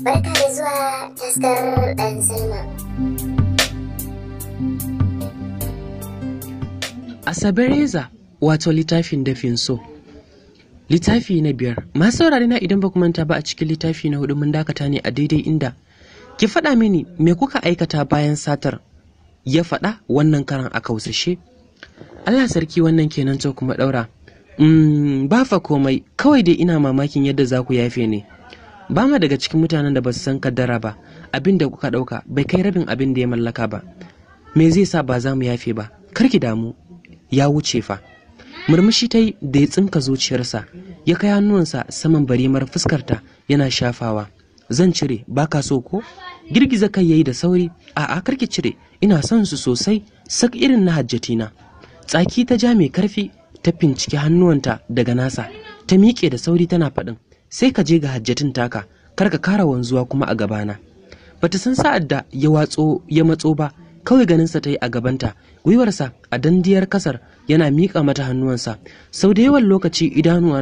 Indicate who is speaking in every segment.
Speaker 1: Barka da zuwa ɗan Salma. Asabereza wato littafin dafin so. Littafi na biyar. Masu saurare na idan ba manta ba a cikin littafi na hudu mun dakata ne a daidai inda. Ki faɗa mini me kuka aikata bayan satar ya faɗa wannan karan a kausashe. Allah sarki wannan kenan to kuma ɗaura. Mm, ba fa komai kawai dai ina mamakin yadda za ku yafe ne. ba ma daga cikin mutanen da ba su san kaddara ba abin da kuka ɗauka bai kai rabin abin da ya mallaka ba me zai sa ba za mu yafe ba kar ki damu ya wuce fa murmushi ta yi da ya tsinka zuciyarsa ya kai hannuwansa saman barimar fuskarta yana shafawa zan cire ba ka so ko girgiza kai yayi da sauri a'a ki cire ina son su sosai sak irin na hajjatina tsaki ta ja mai karfi ta finciki hannuwanta daga nasa ta miƙe da sauri tana faɗin sai ka je ga hajjatin taka kar ka kara wanzuwa kuma a gabana bata san sa'ad da ya watso ya matso ba kawai ganinsa ta yi a gabanta gwiwarsa a dandiyar kasar yana miƙa mata hannuwansa sau da yawan lokaci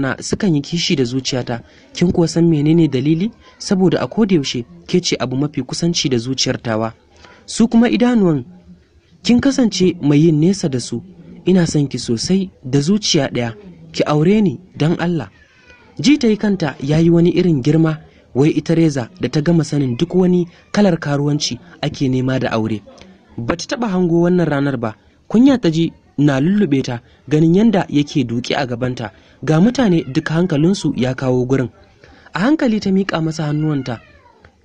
Speaker 1: na sukan yi kishi da zuciyata kin kuwa san menene dalili saboda a kodayaushe ke ce abu mafi kusanci da zuciyar tawa su kuma idanuwan kin kasance mai yin nesa da su ina son ki sosai da zuciya ɗaya ki aure ni don allah ji ta yi kanta ya yi wani irin girma wai ita reza da ta gama sanin duk wani kalar karuwanci ake nema da aure ba ta taɓa hango wannan ranar ba kunya ta ji na lullube ta ganin yanda yake duki a gabanta ga mutane duk hankalinsu ya kawo gurin a hankali ta miƙa masa hannuwanta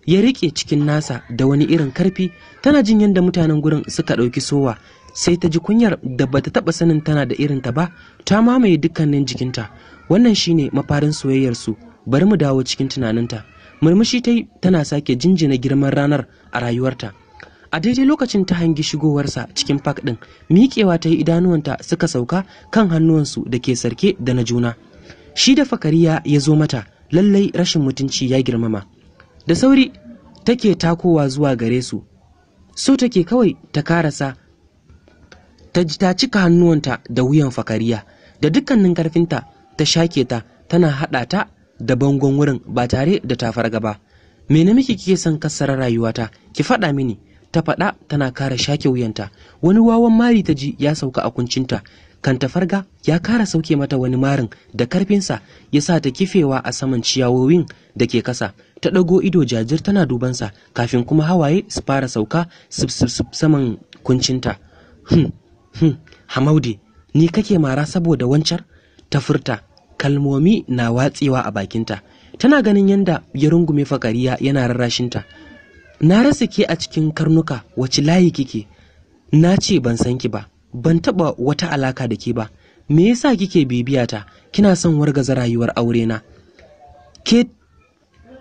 Speaker 1: ya riƙe cikin nasa da wani irin karfi tana jin yadda mutanen gurin suka ɗauki sowa sai ta ji kunyar da bata taɓa sanin tana da irinta ba ta mamaye dukkanin jikinta wannan shine mafarin soyayyarsu bari mu dawo cikin tunaninta murmushi ta tana sake jinjina girman ranar a rayuwarta a daidai lokacin ta hangi shigowarsa cikin fak ɗin miƙewa ta yi idanuwanta suka sauka kan hannuwansu da ke sarke da na juna shi da fakariya ya zo mata lallai rashin mutunci ya girmama da sauri take takowa zuwa gare su so take kawai ta karasa ta ta cika hannuwanta da wuyan fakariya da dukkanin karfinta ta shake ta tana haɗa ta da bangon wurin ba tare da ta farga ba mene miki kike son kassara rayuwata ki faɗa mini ta faɗa tana kara shake wuyanta wani wawan mari ta ji ya sauka a kuncinta kan ta farga ya kara sauke mata wani marin da karfinsa ya sa ta kifewa a saman ciyawowin da ke kasa ta ɗago ido jajir tana dubansa kafin kuma hawaye su fara sauka saman kuncinta hm hm hamaudi ni kake mara saboda wancan? ta furta kalmomi na watsewa a bakinta tana ganin yadda ya rungume fakariya yana rarrashinta na rasa ke a cikin karnuka wace layi kike na ce ban san ki ba ban taba wata alaka da ke ba me yasa kike bibiya ta kina son wargaza rayuwar aure na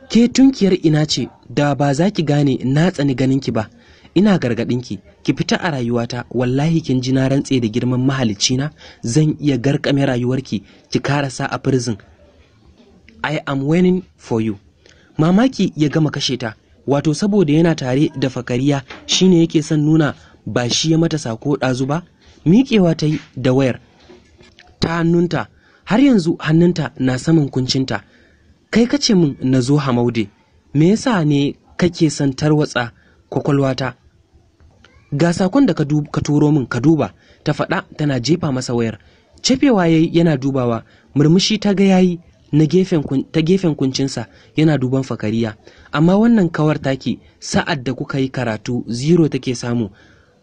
Speaker 1: ke tunkiyar ina ce da ba za ki gane na tsani ganin ki ba ina gargaɗinki ki fita a rayuwata wallahi kin ji na rantse da girman mahalicina zan iya garkame rayuwarki ki karasa a prison i am waiting for you mamaki ya gama kashe ta wato saboda yana tare da fakariya shine yake son nuna ba shi ya mata sako ɗazu ba miƙewa ta yi da wayar ta hannunta har yanzu hannunta na saman kuncinta kai kace min na zo hamaude me yasa ne kake son tarwatsa kwakwalwata ga sakon da ka turo min ka duba ta faɗa tana jefa masa wayar cefewa yayi yana dubawa murmushi ta ga yayi na gefen ta gefen kuncinsa yana duban fakariya amma wannan kawar taki sa'ad da kuka yi karatu zero take samu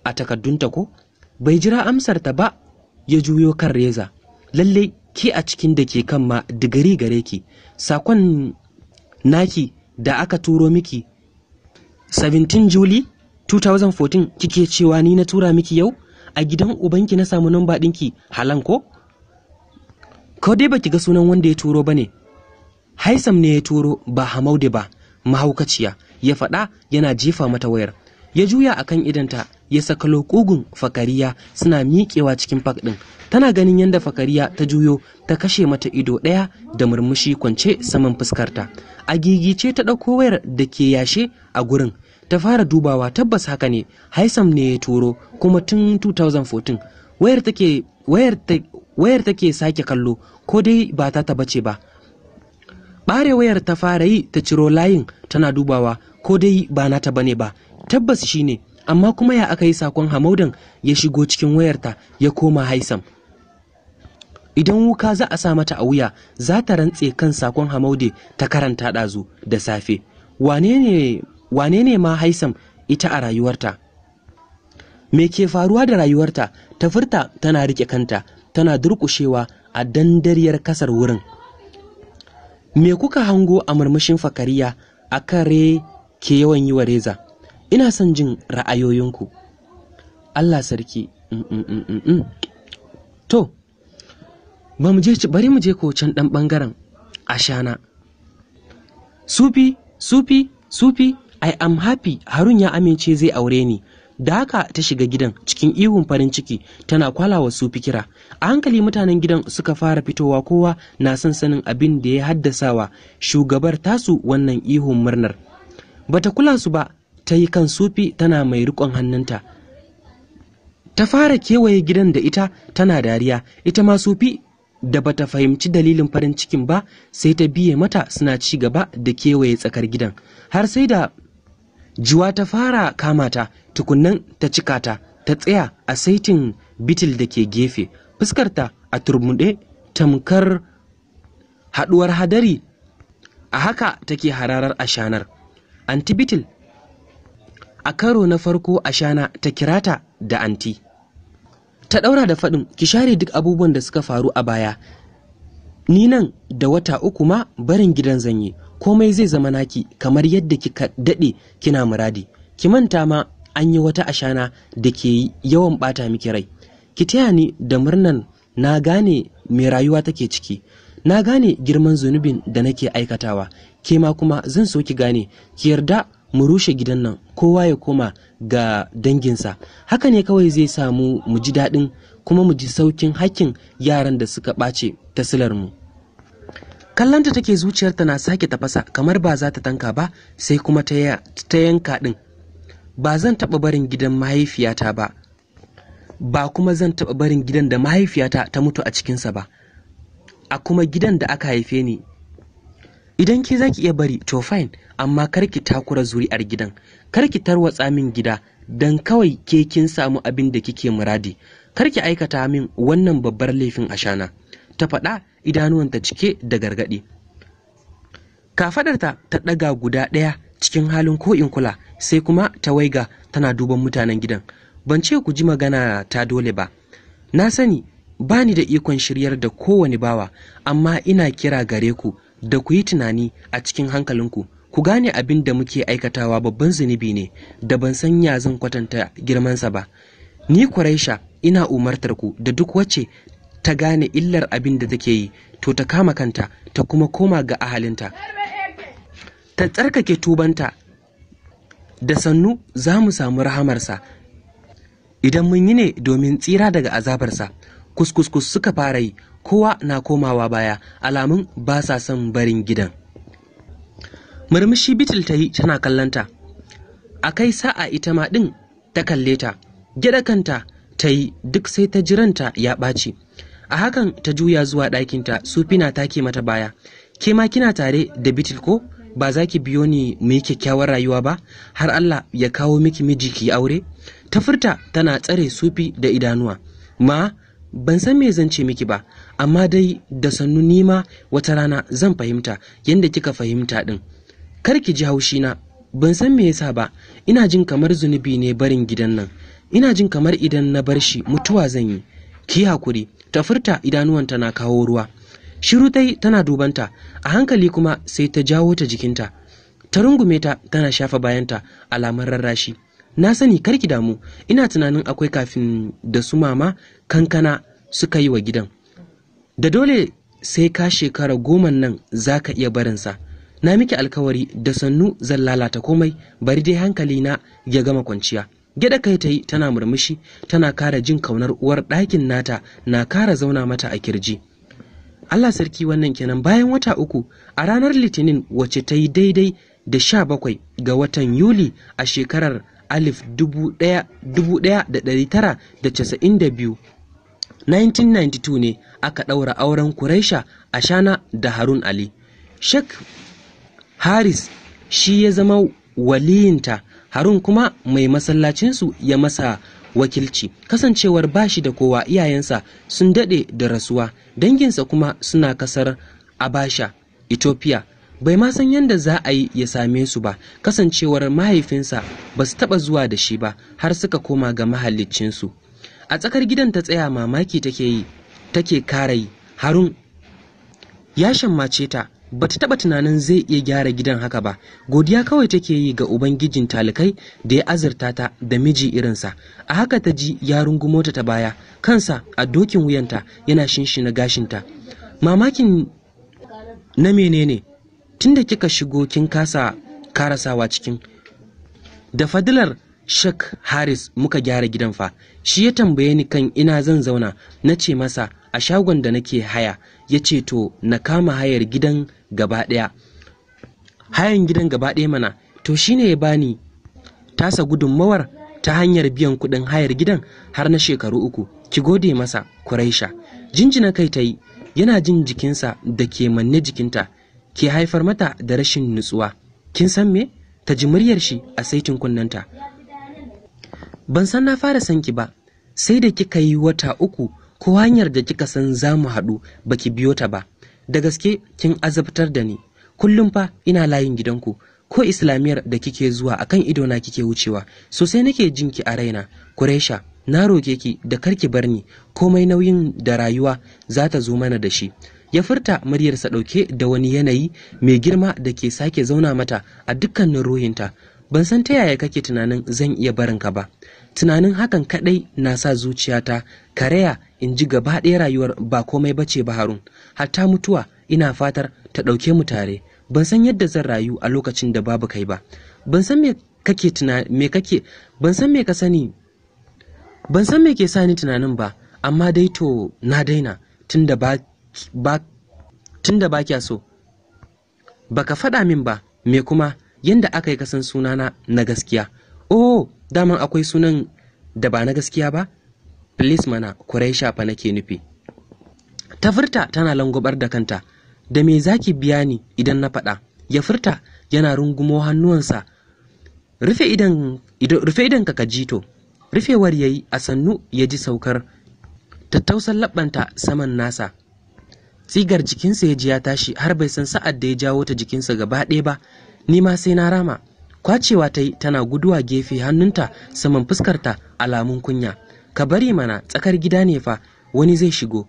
Speaker 1: a takaddunta ko bai jira amsar ta ba ya juyo kan reza lalle ki a cikin da ke kan ma digiri gare ki sakon naki da aka turo miki 17 juli 2014 kike cewa ni na tura miki yau a gidan ubanki na samu namba ɗinki halan ko ko dai baki ga sunan wanda ya turo ba ne. haisam ne ya turo ba hamaude ba mahaukaciya ya faɗa yana jefa mata wayar ya juya a kan idanta ya saka kugun fakariya suna miƙewa cikin fak ɗin tana ganin yadda fakariya ta juyo ta kashe mata ido ɗaya da murmushi kwance saman fuskarta a gigice ta ɗauko wayar da ke yashe a gurin ta fara dubawa tabbas haka ne haisam ne ya turo kuma tun 2014 wayar take sake kallo ko dai ba ta taba ce ba bare wayar ta fara yi ta ciro layin tana dubawa ko dai ba nata bane ba tabbas shi ne, amma kuma ya aka yi sakon hamaudan ya shigo cikin wayarta ya koma haisam idan wuka za a sa mata a wuya za ta rantse kan sakon hamaude ta karanta ɗazu da safe wane ne wane ne ma haisam ita a rayuwarta me ke faruwa da rayuwarta ta furta tana rike kanta tana durƙushewa a dandariyar kasar wurin me kuka hango a murmushin fakariya a kare ke yawan yi wa reza ina son jin ra'ayoyinku allah sarki mm, mm, mm, to ba mu je bari mu je ko can ɗan ɓangaren ashana sufi sufi sufi I am happy Harun ya amince zai aure ni. Da haka ta shiga gidan cikin ihun farin ciki tana kwalawa su fikira. A hankali mutanen gidan suka fara fitowa kowa na san sanin abin da ya haddasawa shugabar tasu wannan ihun murnar. Bata kula su ba ta yi kan sufi tana mai riƙon hannunta. Ta fara kewaye gidan da ita tana dariya, ita ma sufi da bata fahimci dalilin farin cikin ba sai ta biye mata suna ci gaba da kewaye tsakar gidan. Har sai da juwa ta fara kamata tukunnan ta cika ta ta tsaya a saitin bitil da ke gefe fuskarta a turmuɗe tamkar haɗuwar hadari a haka take hararar ashanar anti bitil a karo na farko ashana ta kirata da anti ta ɗaura da faɗin ki share duk abubuwan da suka faru a baya ni nan da wata uku ma barin gidan zanyi komai zai zama naki kamar yadda kika daɗe kina muradi ki manta ma an yi wata ashana da ke yawan ɓata miki rai ki taya ni da murnan na gane me rayuwa take ciki na gane girman zunubin da nake aikatawa ke ma kuma zan so ki gane ki yarda mu rushe gidan nan kowa ya koma ga danginsa haka ne kawai zai samu mu ji daɗin kuma mu ji saukin hakkin yaran da suka ɓace ta mu kallanta take zuciyarta na sake tafasa kamar ba za ta tanka ba sai kuma ta yanka ɗin ba zan taɓa barin gidan mahaifiyata ba ba kuma zan taɓa barin gidan da mahaifiyata ta mutu a cikinsa ba a kuma gidan da aka haife ni idan ke zaki iya bari to fine amma kar ki takura zuri'ar gidan kar ki tarwatsa min gida dan kawai ke kin samu abin da kike muradi kar ki aikata min wannan babbar laifin ashana ta faɗa idanuwanta cike da gargaɗi kafaɗarta ta ɗaga guda ɗaya cikin halin ko'in kula sai kuma ta waiga tana duban mutanen gidan ban ce ku ji magana ta dole ba na sani ba ni da ikon shiryar da kowane bawa amma ina kira gare ku da ku yi tunani a cikin hankalinku ku gane abin da muke aikatawa babban zunubi ne da ban san ya zan kwatanta girmansa ba ni kuraisha ina umartar ku da duk wacce ta gane illar abin da take yi to ta kama kanta ta kuma koma ga ahalinta ta tsarkake tubanta da sannu za mu samu rahamarsa idan mun yi ne domin tsira daga azabarsa kuskuskus suka fara yi kowa na komawa baya alamun ba sa son barin gidan murmushi bitil ta yi tana kallanta a kai sa'a ita ma ɗin ta kalle ta gida kanta ta yi duk sai ta jiranta ya ɓaci a hakan ta juya zuwa ɗakinta sufina ta ke mata baya ke ma kina tare da bitil ko ba za ki biyo ni mu yi kyakkyawar rayuwa ba har Allah ya kawo miki miji ki aure ta furta tana tsare sufi da idanuwa ma ban san me zan ce miki ba amma dai da sannu nima wata rana zan fahimta yadda kika fahimta din kar ki ji haushi na ban san me yasa ba ina jin kamar zunubi ne barin gidan nan ina jin kamar idan na bar shi mutuwa zan yi ki hakuri ta furta idanuwanta na kawo ruwa shiru ta tana dubanta a hankali kuma sai ta jawo ta jikinta ta rungume ta tana shafa bayanta alamar rarrashi na sani kar ki damu ina tunanin akwai kafin da su mama kankana suka yi wa gidan da dole sai ka shekara goma nan za ka iya barinsa na miki alkawari da sannu zan lalata komai bari dai hankali na ya gama kwanciya Gyaɗa kai ta yi tana murmushi tana kara jin kaunar uwar ɗakin nata na kara zauna mata a kirji. Allah sarki wannan kenan bayan wata uku a ranar litinin wacce ta yi daidai da sha bakwai ga watan Yuli a shekarar alif dubu ɗaya da ɗari tara da casa'in da biyu 1992 ne aka ɗaura auren Kuraisha a shana da Harun Ali. Sheikh Haris shi ya zama waliyinta harun kuma mai masallacinsu ya masa wakilci kasancewar bashi da kowa iyayensa sun daɗe da rasuwa danginsa kuma suna kasar abasha ethiopia bai ma san yadda za a yi ya same su ba kasancewar mahaifinsa ba su taɓa zuwa da shi ba har suka koma ga mahallicinsu a tsakar gidan ta tsaya mamaki take yi take kara yi harun ya shammace ta Ba ta taba tunanin zai iya gyara gidan haka ba godiya kawai take yi ga ubangijin talikai da ya azurta ta da miji irinsa a haka ta ji ya rungumo ta baya kansa a dokin wuyanta yana shinshina gashinta mamakin na menene tunda kika shigo kin kasa karasawa cikin da fadilar shak harris muka gyara gidan fa shi ya tambaye ni kan ina zan zauna na ce masa a shagon da nake haya ya ce to na kama hayar gidan gaba ɗaya hayan gidan gaba ɗaya mana to shine ya bani tasa gudunmawar ta hanyar biyan kuɗin hayar gidan har na shekaru uku ki gode masa kuraisha jinjina kai ta yi yana jin jikinsa da ke manne jikinta ke haifar mata da rashin nutsuwa kin san me ta ji muryar shi a saitin kunnanta ban san na fara sanki ba sai da kika yi wata uku ko hanyar da kika san za mu haɗu ba ki biyo ta ba da gaske kin azabtar da ni kullum fa ina layin gidanku ko islamiyar da kike zuwa akan idona kike wucewa sosai nake jin ki a raina kuresha na roke ki da karki bar ni komai nauyin da rayuwa za ta zo mana da shi ya furta muryarsa ɗauke da wani yanayi mai girma da ke sake zauna mata a dukkanin ruhinta ban san ta yaya kake tunanin zan iya barinka ba tunanin hakan kadai na sa zuciyata karaya in ji gaba ɗaya rayuwar ba komai ba ce ba harun hatta mutuwa ina fatar ta ɗauke mu tare ban san yadda zan rayu a lokacin da babu kai ba ban san me sani ke sa ni tunanin ba amma dai to na daina tunda ba ba tunda ba kya so baka faɗa min ba me kuma yadda aka yi kasan sunana na gaskiya oh daman akwai sunan da ba na gaskiya ba please mana kuraisha fa nake nufi ta furta tana langobar da kanta da me zaki biya ni idan na faɗa ya furta yana rungumo hannuwansa rufe idan rufe idan ka kajito rufewar yayi a sannu ya ji saukar tattausan labbanta saman nasa tsigar jikinsa ya ji ya tashi har bai san sa'ad da ya jawo ta jikinsa gaba ɗaya ba ni ma sai na rama kwacewa ta yi tana guduwa gefe hannunta saman fuskarta alamun kunya ka bari mana tsakar gida ne fa wani zai shigo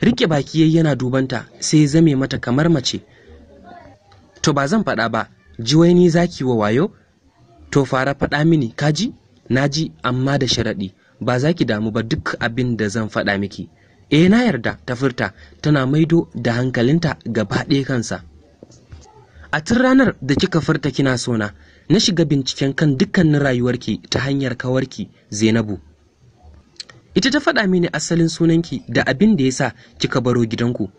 Speaker 1: rike baki yayi yana dubanta sai zame mata kamar mace to ba zan faɗa ba ji wai ni zaki wa wayo to fara faɗa mini kaji naji amma da sharaɗi ba zaki damu ba duk abin da zan faɗa miki eh na yarda ta furta tana maido da hankalinta gaba ɗaya kansa a tun ranar da kika furta kina sona na shiga binciken kan dukkanin rayuwarki ta hanyar kawarki zainabu ita ta faɗa mini asalin sunanki da abin da ya sa kika baro gidanku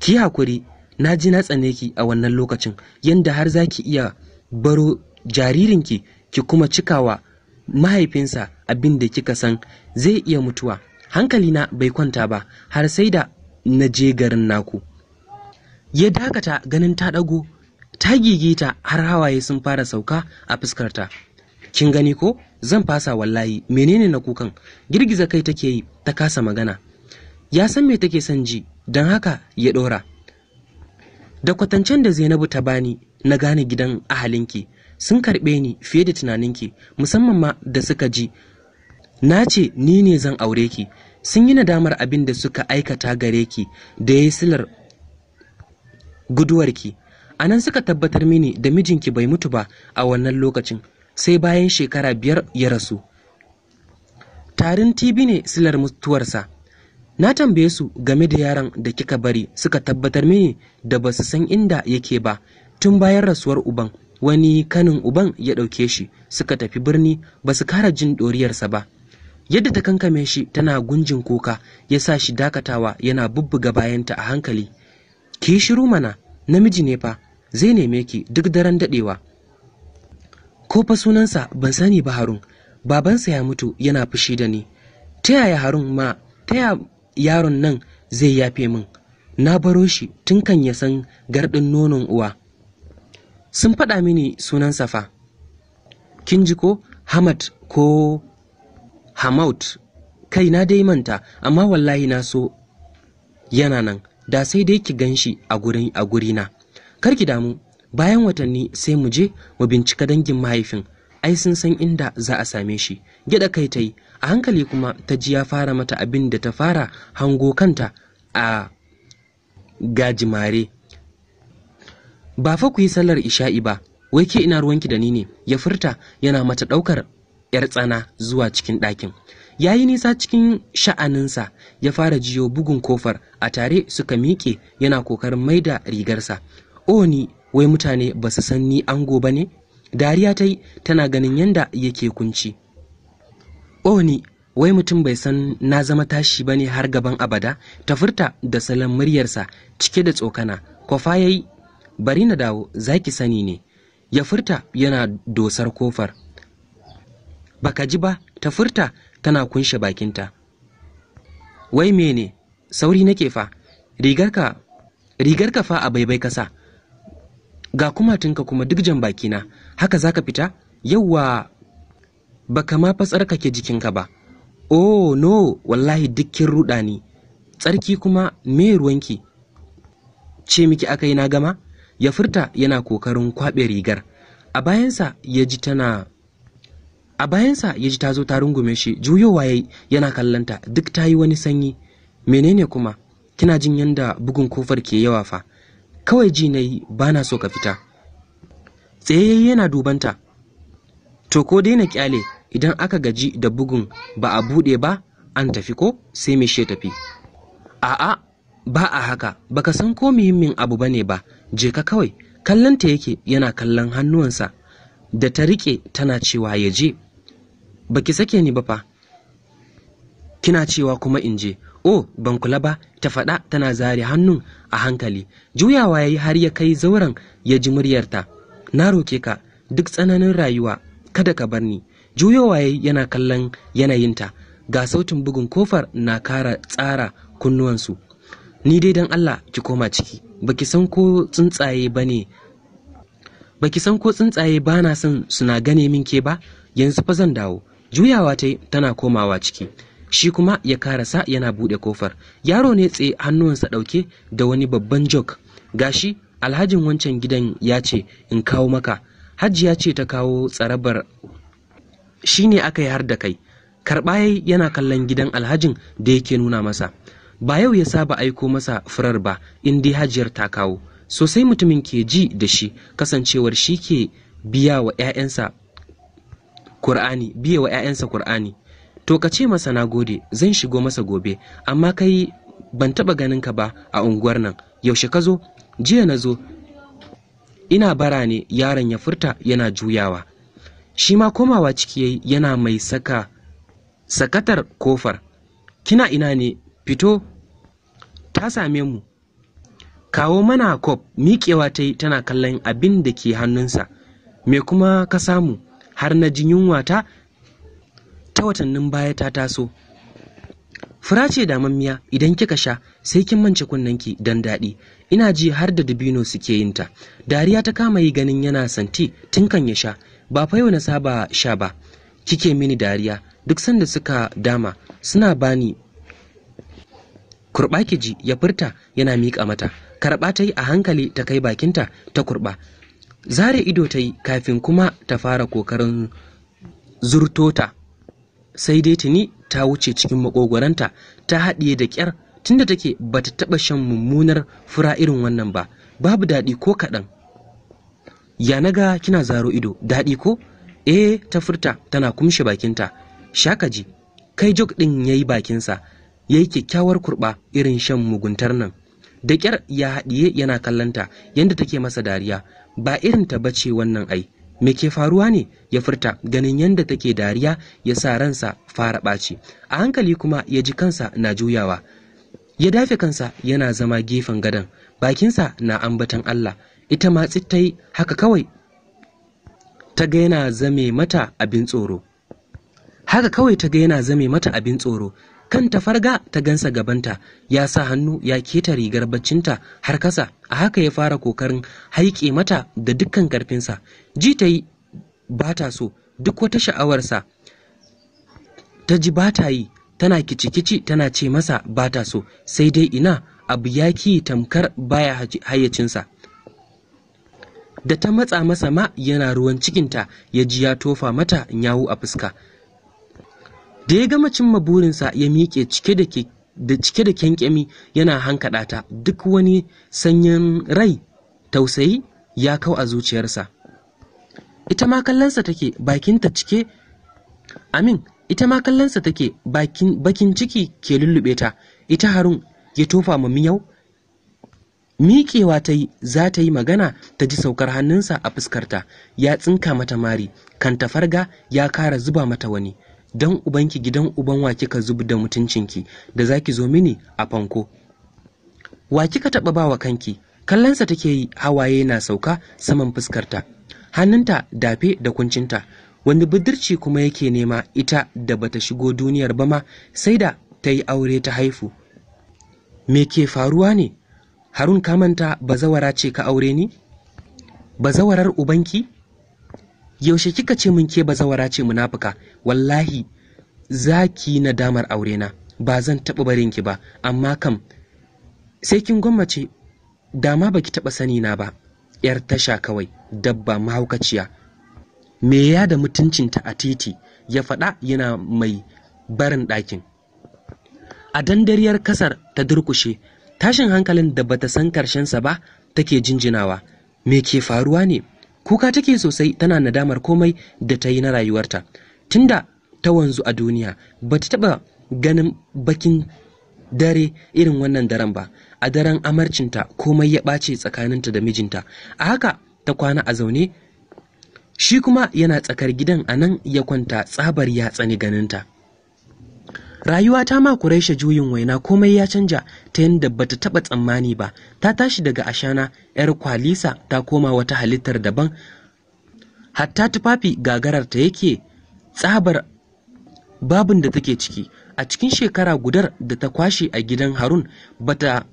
Speaker 1: ki hakuri na ji na tsane ki a wannan lokacin yanda har za ki iya baro jaririnki ki kuma cikawa mahaifinsa abin da kika san zai iya mutuwa hankalina bai kwanta ba har sai da na je garin naku ya dakata ganin ta ɗago ta gigita har hawaye sun fara sauka a fuskarta kin gani ko zan fasa wallahi menene na kukan girgiza kai take yi ta kasa magana ya san me take son ji don haka ya ɗora da kwatancen da zainabu ta bani na gane gidan ahalinki sun karɓe ni fiye da tunaninki musamman ma da suka ji na ce ni ne zan aure ki sun yi nadamar abin da suka aikata gare ki da ya yi silar guduwarki a nan suka tabbatar mini da mijinki bai mutu ba a wannan lokacin sai bayan shekara biyar ya rasu tarin tibi ne silar mutuwarsa na tambaye su game da yaron da kika bari suka tabbatar mini da ba su san inda yake ba tun bayan rasuwar uban wani kanin uban ya ɗauke shi suka tafi birni ba su kara jin ɗoriyarsa ba yadda ta kankame shi tana gunjin kuka ya sa shi dakatawa yana bubbuga bayanta a hankali ki shiru mana namiji ne fa zai neme ki duk daren daɗewa ko fa sunansa ban sani ba harun babansa ya mutu yana fushi da ni ta yaya harun ma ta yaron nan zai yafe min na baro shi tun kan ya san gardin nonon uwa sun faɗa mini sunan fa. kin ji ko hamad ko hamaut kai na dai manta amma wallahi na so yana nan da sai dai ki gan shi a guri na kar ki damu bayan watanni sai mu je mu bincika dangin mahaifin ai sun san inda za a same shi gida kai ta yi a hankali kuma ta ji ya fara mata abin da ta fara hango kanta a gajimare ba fa ku yi sallar isha'i ba wai ke ina ruwanki da ni ne ya furta yana mata ɗaukar 'yar tsana zuwa cikin ɗakin ya yi nisa cikin sha'aninsa ya fara jiyo bugun kofar a tare suka miƙe yana mai da rigarsa oni wai mutane ba su san ni ango ba ne dariya ta yi tana ganin yanda yake kunci oni wai mutum bai san na zama tashi ba ne har gaban abada ta furta da salon muryarsa cike da tsokana kwafa ya yi bari na dawo za ki sani ne ya furta yana dosar kofar baka ji ba ta furta tana kunshe bakinta wai mene sauri nake fa rigarka rigarka fa a baibai kasa ga kumatinka kuma duk jan bakina haka zaka fita yauwa baka ma fa tsarkake jikinka ba oh no wallahi dukkin ruda ni tsarki kuma me ruwanki ce miki aka yi na gama ya furta yana kokarin kwaɓe rigar a bayansa ya ji tana a bayansa ya ji ta zo ta rungume shi juyowa yayi yana kallanta duk ta yi wani sanyi menene kuma kina jin yanda bugun kofar ke yawa fa kawai ji na yi ba na so ka fita tsaye yana dubanta to ko daina kyale idan aka gaji da bugun ba a bude ba an tafi ko sai mai she tafi a'a ba a haka baka san ko muhimmin abu ne ba je ka kawai kallanta yake yana kallon hannuwansa da ta riƙe tana cewa ya je baki sake ni ba fa kina cewa kuma in je oh ban kula ba ta faɗa tana zare hannu a hankali juyawa ya yi har ya kai zauren ya ji muryarta na roke ka duk tsananin rayuwa kada ka bar ni juyowa ya yana kallon yanayinta ga sautin bugun kofar na kara tsara kunnuwansu ni dai don allah ki koma ciki baki san ko tsuntsaye ba ne baki san ko tsuntsaye ba na son suna gane min ke ba yanzu fa zan dawo juyawa ta tana komawa ciki shi kuma ya karasa yana buɗe kofar yaro ne tsaye hannuwansa ɗauke da wani babban jog gashi alhajin wancan gidan ya ce in kawo maka ya ce ta kawo tsarabar shi ne aka yi har da kai karɓa yana kallon gidan alhajin da yake nuna masa ba yau ya saba aiko masa furar ba in dai hajiyar ta kawo sosai mutumin ke ji da shi kasancewar shi ke biya wa 'ya'yansa biya wa 'ya'yansa Kur'ani to ka ce masa na gode zan shigo masa gobe amma kai ban taba ganin ka ba a unguwar nan yaushe ka zo jiya na zo ina bara ne yaron ya furta yana juyawa shi ma komawa ciki yayi yana mai saka sakatar kofar kina ina ne fito ta same mu kawo mana kof miƙewa ta yi tana kallon abin da ke hannunsa me kuma ka samu har na ji ta? ta watannin baya ta taso fura ce miya, idan kika sha sai kin mance kunnenki don daɗi ina ji har da dabino suke yin ta dariya ta kama yi ganin yana santi tun kan ya sha ba fa yau na saba sha ba kike mini dariya duk sanda suka dama suna bani kurɓa ji ya furta yana miƙa mata karɓa ta yi a hankali ta kai bakinta ta kurɓa zare ido ta yi kafin kuma ta fara kokarin zurtota sai dai tuni ta wuce cikin makogwaranta ta haɗiye da ƙyar tunda take bata taɓa shan mummunar fura irin wannan ba babu daɗi ko kaɗan ya naga kina zaro ido daɗi ko eh ta furta tana kumshe bakinta shakaji kai jok ɗin ya yi bakinsa ya yi kyakkyawar kurɓa irin shan muguntar nan da ƙyar ya haɗiye yana kallanta yadda take masa dariya ba irin ta bace wannan ai me ke faruwa ne ya furta ganin yadda take dariya ya sa ransa fara ɓaci a hankali kuma ya ji kansa na juyawa ya dafe kansa yana zama gefen gadon bakinsa na ambatan Allah ita ma tsittai haka ta ga haka kawai ta ga yana zame mata abin tsoro kanta farga ta gansa gabanta ya sa hannu ya keta rigar baccinta har kasa a haka ya fara kokarin haike mata da dukkan karfinsa ji ta yi ba ta so duk wata sha'awarsa ta ji ba ta yi tana kicikici, tana ce masa ba ta so sai dai ina abu ya ki tamkar baya hayyacinsa da ta matsa masa ma yana ruwan cikinta ya ji ya tofa mata nyawu a fuska da ya gama cimma burinsa ya miƙe cike da ke da cike da kyankyami yana hankaɗa ta duk wani sanyin rai tausayi ya kau a zuciyarsa ita ma kallonsa take bakinta cike amin ita ma kallonsa take bakin, bakin ciki ke lullube ta ita harun ya tofa ma miyau miƙewa ta yi za ta yi magana ta ji saukar hannunsa a fuskarta ya tsinka mata mari kan ta farga ya kara zuba mata wani dan ubanki gidan uban wa kika zub da mutuncinki da zaki zo mini a fanko wa kika taba bawa kanki kallonsa take yi hawaye na sauka saman fuskarta hannunta dafe da kuncinta wanda budurci kuma yake nema ita da bata shigo duniyar ba ma sai da ta aure ta haifu me ke faruwa ne harun kamanta bazawara ce ka aure ni bazawarar ubanki yaushe kika ce min ke bazawara ce munafuka wallahi za ki nadamar aure na ba zan taɓa barin ki ba amma kam sai kin gwammace dama baki taɓa sani na ba yar tasha kawai dabba mahaukaciya me ya da mutuncinta a titi ya faɗa yana mai barin ɗakin a dandariyar kasar ta durkushe tashin hankalin da bata san karshensa ba take jinjinawa me ke faruwa ne kuka take sosai tana nadamar komai da ta yi na rayuwarta tunda ta wanzu a duniya ba ta taɓa ganin bakin dare irin wannan daren ba a daren amarcinta komai ya ɓace tsakaninta da mijinta a haka ta kwana a zaune shi kuma yana tsakar gidan a nan ya kwanta tsabar ya tsani ganinta rayuwa ta ma kuraisha juyin waina komai ya canja ta yadda bata taba tsammani ba ta tashi daga ashana yar kwalisa ta koma wata halittar daban hatta tufafi gagarar ta yake tsabar babin da take ciki a cikin shekara gudar da ta kwashe a gidan harun bata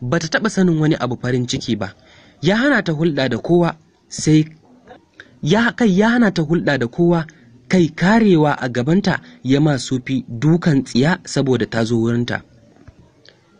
Speaker 1: bata taba sanin wani abu farin ciki ba ya hana ta hulɗa da kowa sai ya kai ya hana ta hulɗa da kowa kai karewa a gabanta ya ma sufi dukan tsiya saboda ta zo wurinta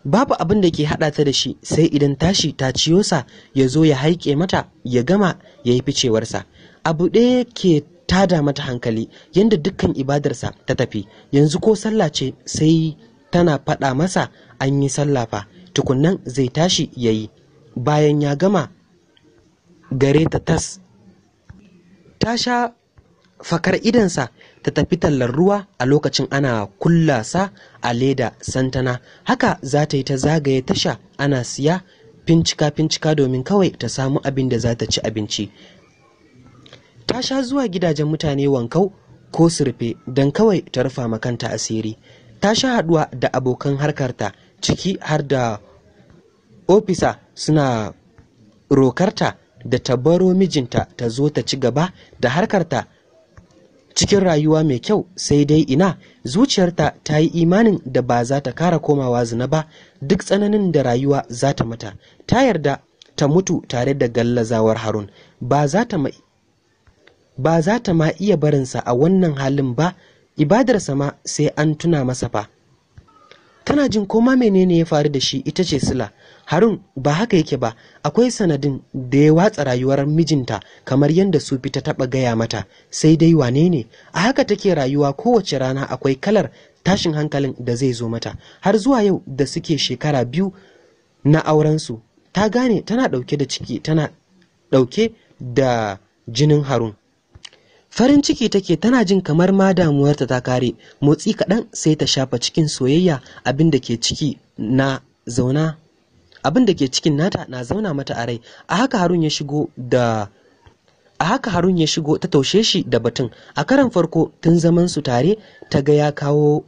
Speaker 1: babu abin da ke haɗa ta da shi sai idan tashi ta ciyo sa ya zo ya haike mata ya gama ya yi ficewarsa abu ɗaya ke tada mata hankali yadda dukkan ibadarsa ta tafi yanzu ko sallah ce sai tana faɗa masa an yi sallah fa tukunnan zai tashi ya yi bayan ya gama gare ta tas ta sha fakar idansa ta tafi tallar ruwa a lokacin ana kulla sa a leda santana haka za ta yi ta zagaye tasha ana siya fincika-fincika domin kawai ta samu abin da za ta ci abinci ta sha zuwa gidajen mutane wankau ko surfe don kawai ta rufa makanta asiri ta sha haduwa da abokan harkarta ciki har da ofisa suna rokarta da ta mijinta ta zo ta ci gaba da harkarta cikin rayuwa mai kyau sai dai ina zuciyarta ta yi imanin da ba za ta kara komawa zina ba duk tsananin da rayuwa za ta mata ta yarda ta mutu tare da gallazawar harun ba za ta ma iya barinsa a wannan halin ba ibadarsa ma sai an tuna masa fa tana jin koma menene ya faru da shi ita ce sila harun ba haka yake ba akwai sanadin da ya watsa rayuwar mijinta kamar yadda su ta taba gaya mata sai dai wane ne a haka take rayuwa kowace rana akwai kalar tashin hankalin da zai zo mata har zuwa yau da suke shekara biyu na aurensu ta gane tana dauke da ciki tana ɗauke da jinin harun farin ciki take tana jin kamar ma damuwarta ta kare motsi kaɗan sai ta shafa cikin soyayya abin da ke ciki na zauna abin da ke cikin nata na zauna mata a rai a haka harun ya shigo da a haka harun ya shigo ta taushe shi da batun a karan farko tun zaman su tare ta ga ya kawo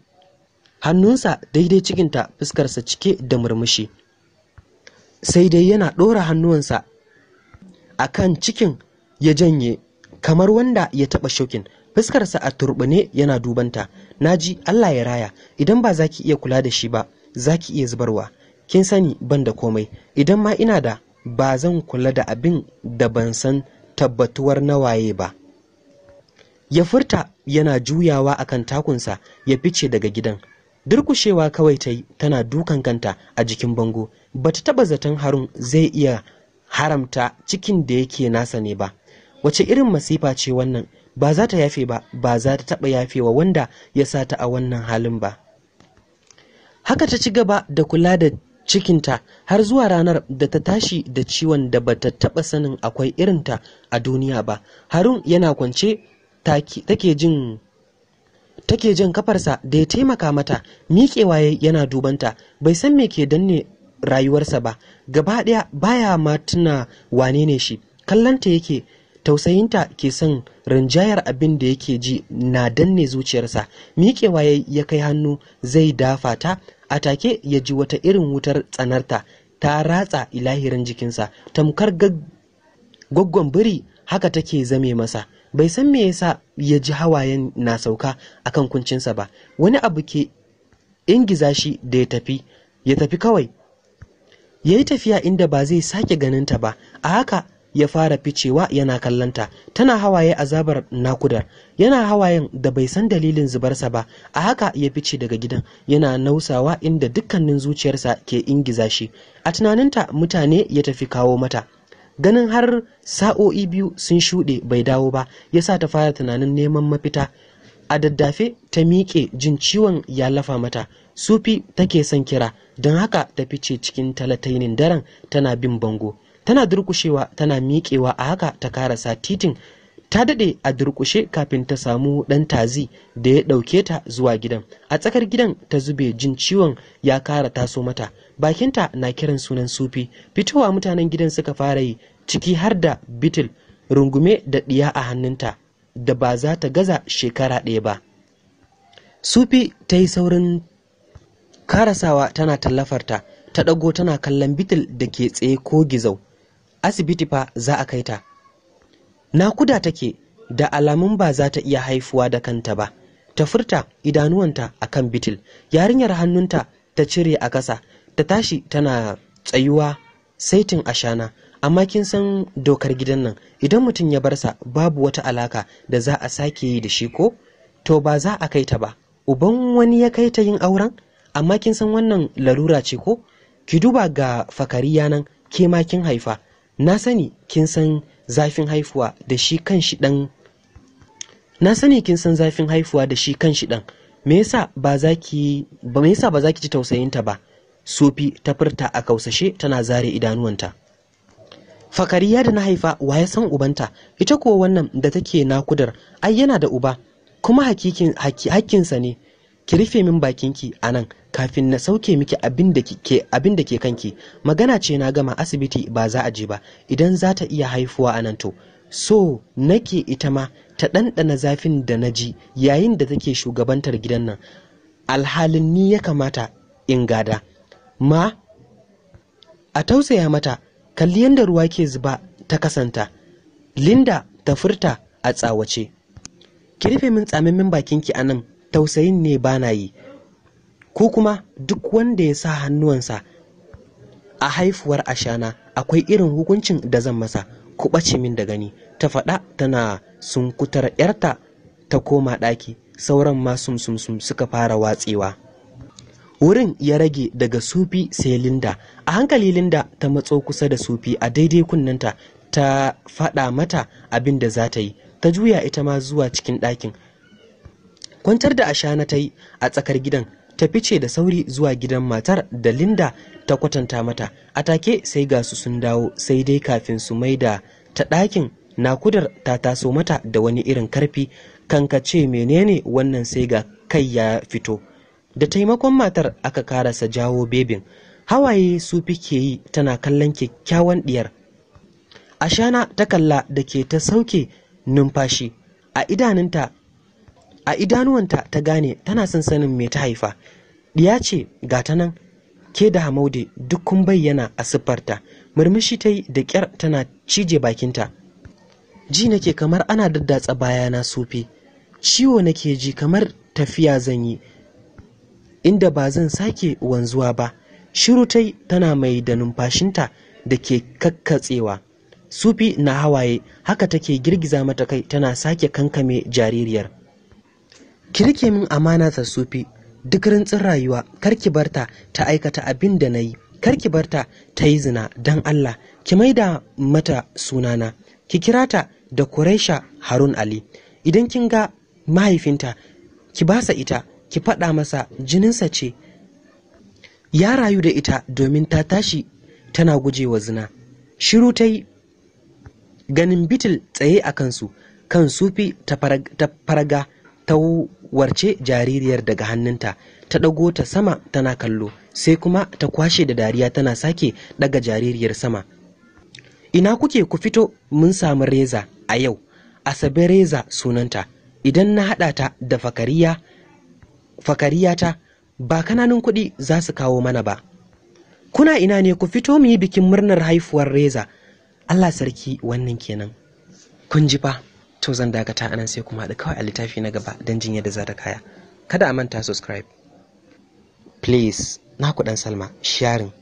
Speaker 1: hannunsa daidai cikinta fuskarsa cike da murmushi sai dai yana ɗora hannuwansa a kan cikin ya janye kamar wanda ya taɓa shokin fuskarsa a turɓune yana dubanta naji allah ya raya idan ba za ki iya kula da shi ba za ki iya zubarwa kin sani ban da komai idan ma ina da ba zan kula da abin da ban san tabbatuwar na waye ba ya furta yana juyawa akan takunsa ya fice daga gidan durkushewa kawai ta yi tana dukan kanta a jikin bango bata taba zaton harun zai iya haramta cikin da yake nasa ne ba wace irin masifa ce wannan ba za ta yafe ba ba za ta taba yafewa wanda ya sata a wannan halin ba haka ta ci gaba da kula da cikinta har zuwa ranar da ta tashi da ciwon da bata taba sanin akwai irinta a duniya ba harun yana kwance take jin take jin kafarsa da ya taimaka mata miƙewa yana dubanta bai san me ke danne rayuwarsa ba gaba ɗaya baya ma tuna wane ne shi kallanta yake tausayinta ke son rinjayar abin da yake ji na danne zuciyarsa miƙewa ya kai hannu zai dafa ta a take ya ji wata irin wutar tsanarta ta ratsa ilahirin jikinsa tamkar gwaggon biri haka take zame masa bai san me yasa ya ji hawayen na sauka akan kuncinsa ba wani abu ke ingiza shi da ya tafi ya tafi kawai ya yi tafiya inda ba zai sake ganinta ba a haka ya fara ficewa yana kallanta tana hawaye azabar nakudar yana hawayen da bai san dalilin zubarsa ba a haka ya fice daga gidan yana nausawa inda dukkanin zuciyarsa ke ingiza shi a tunaninta mutane ya tafi kawo mata ganin har sa'o'i biyu sun shuɗe bai dawo ba ya sa ta fara tunanin neman mafita a daddafe ta miƙe jin ciwon ya lafa mata sufi take son kira don haka ta fice cikin talatainin daren tana bin bango tana durkushewa tana miƙewa a haka ta karasa titin ta daɗe a durkushe kafin ta samu ɗan tazi da ya ɗauke ta zuwa gidan a tsakar gidan ta zube jin ciwon ya kara taso mata bakinta na kiran sunan sufi fitowa mutanen gidan suka fara yi ciki har da bitil rungume da ɗiya a hannunta da ba za ta gaza shekara ɗaya ba sufi ta yi saurin karasawa tana tallafarta ta ɗago tana kallon bitil da ke tsaye ko gizau asibiti fa za a kai ta nakuda take da alamun ba za ta iya haifuwa da kanta ba ta furta idanuwanta a kan bitil yarinyar hannunta ta cire a ƙasa ta tashi tana tsayuwa saitin ashana amma kin san dokar gidan nan idan mutum ya barsa babu wata alaka da za a sake yi da shi ko to ba za a kai ta ba uban wani ya kai ta yin auren amma kin san wannan larura ce ko ki duba ga fakariya nan ke kin haifa na sani kin san zafin haifuwa da shi shi dan na sani kin san zafin haifuwa da shi kanshi dan me yasa ba za ki ba me yasa ba za ki ji tausayinta ba sofi ta furta a kausashe tana zare idanuwanta fakariya da na haifa wa ya san ubanta ita kuwa wannan da take nakudar ai yana da uba kuma hakikin hakkinsa ne ki rufe min bakinki a nan kafin na sauke miki abin da ke kanki magana ce na gama asibiti ba za a je ba idan za ta iya haifuwa a nan to so nake ita ma ta ɗanɗana zafin da na ji yayin da take shugabantar gidan nan alhalin ni ya kamata in gada ma a tausaya mata kalli yadda ruwa ke zuba ta kasanta linda ta furta a tsawace ki rufe min tsamimmin bakinki a nan tausayin ne ba yi ko kuma duk wanda ya sa hannuwansa a haifuwar ashana akwai irin hukuncin da zan masa ku ɓace min da gani ta faɗa tana sunkutar yarta ta koma ɗaki sauran ma suka fara watsewa wurin ya rage daga sufi sai linda a hankali linda ta matso kusa da sufi a daidai kunnanta ta faɗa mata abin da za ta yi ta juya ita ma zuwa cikin ɗakin kwantar da ashana ta yi a tsakar gidan ta fice da sauri zuwa gidan matar da linda ta kwatanta mata a take sai ga su sun dawo sai dai kafin su maida ta ɗakin nakudar ta taso mata da wani irin karfi kankace menene wannan sai ga kai ya fito da taimakon matar aka karasa jawo bebin hawaye su fike yi tana kallon kyakkyawan diyar ashana ta kalla da ke ta sauke numfashi a idanunta a idanuwanta ta gane tana son sanin me ta haifa ɗiya ce ga ta nan ke da hamaude duk kun bayyana a siffarta murmushi ta yi da ƙyar tana cije bakinta ji nake kamar ana daddatsa bayana sufi ciwo nake ji kamar tafiya zan yi inda ba zan sake wanzuwa ba shiru ta yi tana mai da numfashinta da ke kakkatsewa sufi na hawaye haka take girgiza mata kai tana sake kankame jaririyar ki rike min amana ta sufi duk rintsin rayuwa kar ki barta ta aikata abin da na yi kar ki barta ta yi zina don Allah ki mai da mata sunana ki kira ta da kuraisha Harun Ali idan kin ga mahaifinta ki basa ita ki faɗa masa jininsa ce ya rayu da ita domin ta tashi tana gujewa zina shiru ta yi ganin bitil tsaye a kansu kan sufi ta faraga ta warce jaririyar daga hannunta ta ɗago ta sama tana kallo sai kuma ta kwashe da dariya tana sake ɗaga jaririyar sama ina kuke ku fito mun samu reza a yau asabe reza sunanta idan na haɗa ta da fakariya fakariyata ba kananun kuɗi za su kawo mana ba kuna ina ne ku fito mu yi bikin murnar haifuwar reza allah sarki wannan kenan kun ji fa to zan dakata anan sai kuma haɗu kawai a littafi na gaba don jin da za ta kaya kada a manta subscribe please na ku dan salma sharing